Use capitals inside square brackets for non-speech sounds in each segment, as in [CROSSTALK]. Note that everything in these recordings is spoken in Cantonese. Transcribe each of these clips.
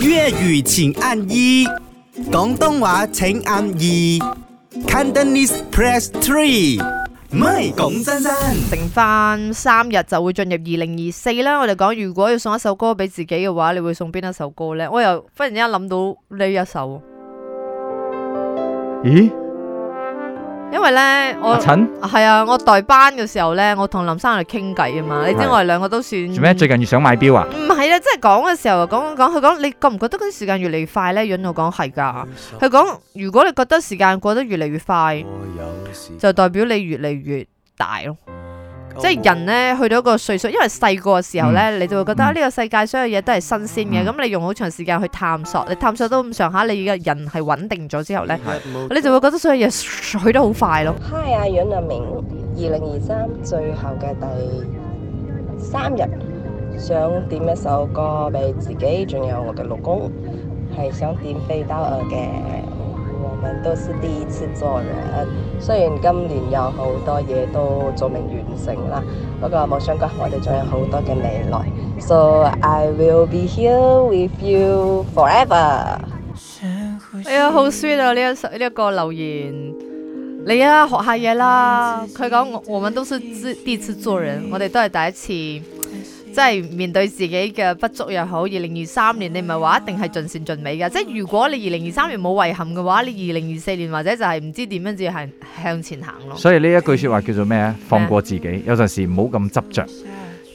粵語請按一，廣東話請按二，Cantonese press three，MY 講真真，剩翻，三日就會進入二零二四啦。我哋講，如果要送一首歌俾自己嘅話，你會送邊一首歌呢？我又忽然之間諗到呢一首。咦？因為咧，我陳係啊，我代班嘅時候咧，我同林生嚟傾偈啊嘛，你知我哋兩個都算做咩？最近越想買錶啊？唔係啊，即係講嘅時候啊，講講講佢講，你覺唔覺得嗰啲時間越嚟越快咧？允我講係噶，佢講十如果你覺得時間過得越嚟越快，有就代表你越嚟越大咯。即係人呢，去到一個歲數，因為細個嘅時候呢，嗯、你就會覺得呢、嗯啊這個世界所有嘢都係新鮮嘅。咁、嗯、你用好長時間去探索，你探索到咁上下，你而家人係穩定咗之後呢，嗯、你就會覺得所有嘢去得好快咯。Hi，阿阮阿明，二零二三最後嘅第三日，想點一首歌俾自己，仲有我嘅老公，係想點《飛刀》嘅。我們都是第一次做人，雖然今年有好多嘢都做未完成啦，不過冇相干，我哋仲有好多嘅未來。So I will be here with you forever。哎呀，好 sweet 啊！呢一呢一個留言，你啊，學一下嘢啦。佢講我我們都是第第一次做人，我哋都係第一次。即係面對自己嘅不足又好，二零二三年你唔係話一定係盡善盡美嘅，即係如果你二零二三年冇遺憾嘅話，你二零二四年或者就係唔知點樣至係向前行咯。所以呢一句說話叫做咩啊？放過自己，有陣時唔好咁執着。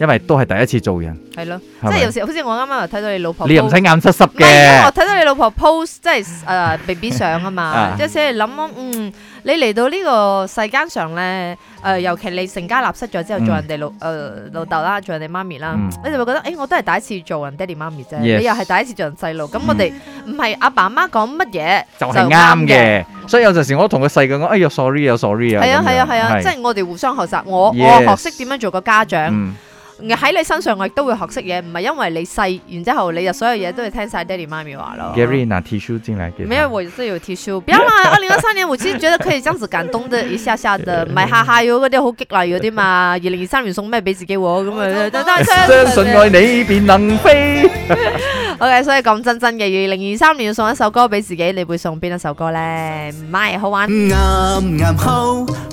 因為都係第一次做人，係咯，即係有時好似我啱啱又睇到你老婆，你又唔使眼濕濕嘅。唔係啊，我睇到你老婆 post 即係誒 B B 相啊嘛，即係諗啊，嗯，你嚟到呢個世間上咧，誒，尤其你成家立室咗之後，做人哋老誒老豆啦，做人哋媽咪啦，你就會覺得，誒，我都係第一次做人爹哋媽咪啫，你又係第一次做人細路，咁我哋唔係阿爸阿媽講乜嘢就係啱嘅，所以有陣時我同個細個講，哎呀，sorry 啊，sorry 啊，係啊，係啊，係啊，即係我哋互相學習，我我學識點樣做個家長。喺你身上我亦都會學識嘢，唔係因為你細，然之後你就所有嘢都係聽晒爹哋媽咪話咯。Gary 拿 T 恤進來我二零一三年我其實覺得可以這樣子感動的一,下,一下,的下下的，咪哈下有嗰啲好激勵，有啲嘛。二零二三年送咩俾自己我咁啊？相信愛你便能飛。O、okay, K，所以講真真嘅，二零二三年送一首歌俾自己，你會送邊一首歌咧？唔係， [LAUGHS] 好玩。 [MUSIC]